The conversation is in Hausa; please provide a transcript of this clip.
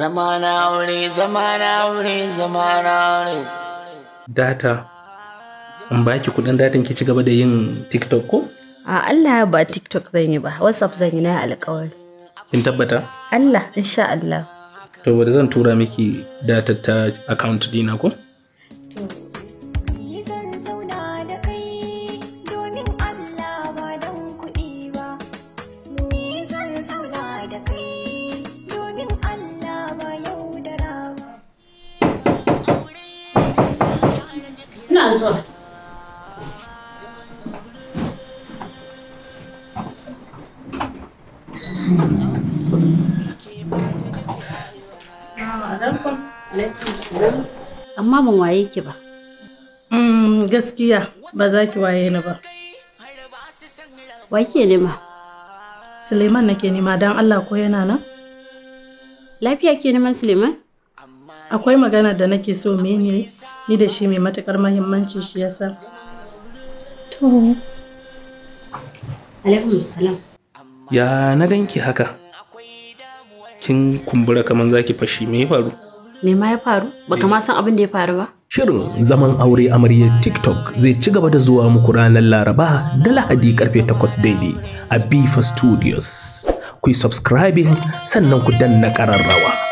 zamana wuri aure wuri zamana aure zama aure data in baki kudin datin ki ci gaba da yin tiktok ko a Allah ba tiktok zan yi ba whatsapp zan yi na alkawari kin tabbata Allah insha Allah to bari zan tura miki data ta account dina ko Ina zuwa. Amma ban waye ki ba. Mm, gaskiya ba za ki waye ni ba. Wa ke nema? Suleiman nake nema don Allah ko yana nan? Lafiya ke neman Suleiman? akwai magana da nake so mene ni da shi mai matukar mahimmanci shi yasa to alaikum salam ya na ganki haka kin kumbura kaman zaki fashi me faru me ma ya faru baka ma san abin da ya faru ba Shirin zaman aure amaryar TikTok zai ci gaba da zuwa muku ranar Laraba da Lahadi karfe 8 Daily a Bifa Studios. Ku yi subscribing sannan ku danna ƙararrawa.